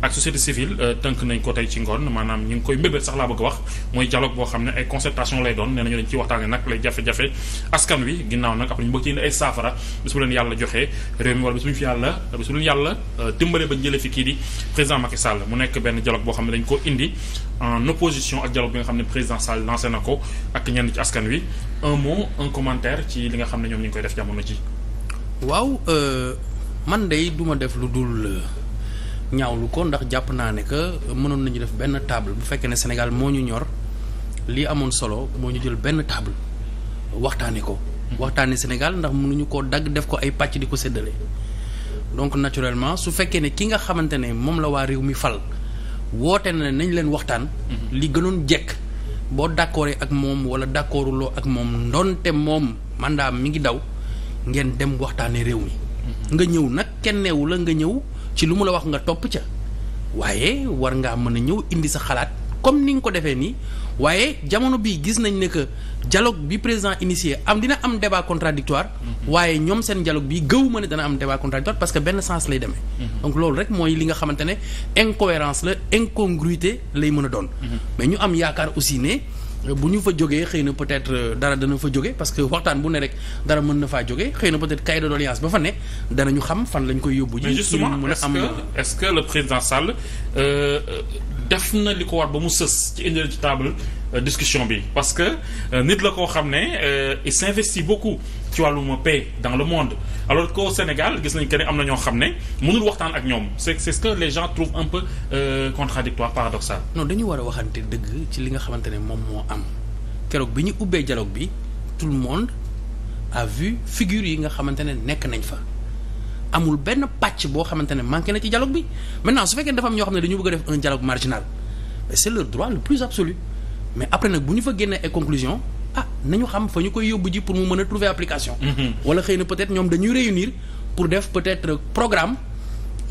ak société civile euh, tënk nañ ko tey ci ngoon maanaam ñu ngi koy mbébét sax laa bëgg wax mooy dialogue boo xam ne ay concertation lay doon nee nañu dañ ciy waxtaane nag lay jafe-jafe askan wi ginnaaw nag après ñu bëgg ci indi ay saafara bis bu euh, jëlee fi kii di président Macky Sall mu nekk benn dialogue boo xam ne ko indi en opposition ak dialogue bi nga xam ne président Sall lancé na ko ak ñenn ci askan wi un mot un commentaire ci li nga xam ne ñoom ñu ngi koy def jamono ji waaw euh, man day duma def lu dul ñaawlu ko ndax jàpp naa ne que mënoon nañu def benn table bu fekkee ne Sénégal moo ñu ñor lii amoon solo moo ñu jël benn table waxtaanee ko. waxtaanee Sénégal ndax mënuñu ko dagg def ko ay pàcc di ko séddale. donc naturellement su fekkee ne ki nga xamante ne moom la waa réew mi fal woote na nañ leen waxtaan. Mhm. li gënoon jekk boo d'accordee ak moom wala d'accorduloo ak moom ndonte moom mandat mi ngi daw ngeen dem waxtaanee réew mi. Mhm. nga ñëw nag kenn neewu la nga ñëw. ci lu mu la wax nga topp ca waaye war ngaa mën a ñëw indi sa xalaat comme ni nga ko defee nii waaye jamono bii gis nañ ne que dialogue bi président initié am dina am débat contradictoire mhm. waaye ñoom seen dialogue bi gëwuma ne dana am débat contradictoire parce que benn sens lay demee mhm. donc loolu rek mooy li nga xamante ne incohérence la incongruité lay mën a doon mhm. mais ñu am yaakaar aussi ne bu ñu fa jógee xëy na peut-être euh, dara dana fa jóge parce que waxtaan bu ne rek dara mën na faa jóge xëy na peut-être cahier de doléance ba fa ne danañu xam fan lañ koy yóbbu. ji mën a am mais justement est-ce que est-ce def na li ko war ba mu sës ci indi table euh, discussion bi parce que euh, nit la koo xam ne euh, il sinvesti beaucoup ci wàllum paix dans le monde alors qu'au Sénégal gis nañ que ne am na ñoo xam ne mënul waxtaan ak ñoom c'est c'est que les gens trouvent un peu euh, contradictoire paradoxal non dañu war a waxante dëgg ci li nga xamante ne moom moo am keroog bi ñu ubbee dialogue bi tout le monde a vu figure yi nga xamante ne nekk nañ fa amul benn pàcc boo xamante ne manqué na ci dialogue bi maintenant su fekkee dafa ñoo xam ne dañu bëgg a def un dialogue marginal c' leur droit le plus absolu mais après nag bu ñu fa génnee ay conclusion ah nañu xam fa ñu koy yóbbu ji pour mu mën a trouver application mm-hmm. wala xëy na peut-être ñoom dañuy réunir pour def peut-être programme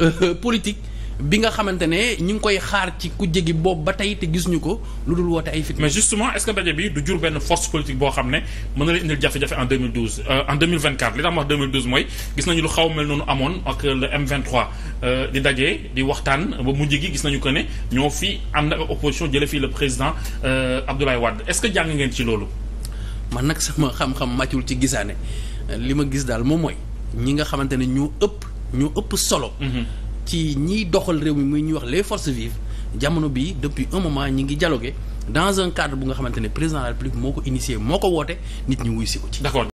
euh, politique bi nga xamante ne ñu ngi koy xaar ci ku jegi boobu ba tey te gisuñu ko lu dul woote ay fitna. mais justement est-ce que daje bi du jur benn force politique boo xam ne mën na leen indil jafe-jafe en 2012 euh, en 2024 li tax ma wax 2012 gis nañu lu xaw mel noonu amoon ak le euh, di daje di waxtaan ba mujj gi gis nañu que ne ñoo fi am na opposition jëlee fii le président euh, Abdoulaye Wade est-ce que jàng ngeen ci loolu. man nag sama xam-xam màccul ci gisaane li ma gis daal moom mooy ñi nga xamante ne ñu ëpp ñu ëpp solo. Mm-hmm. ci ñiy doxal réew mi muy ñuy wax les forces vives jamono bi depuis un moment ñi ngi dialogué dans un cadre bu nga xamante ne président de république moo ko initié moo ko woote nit ñi wuy si ko ci.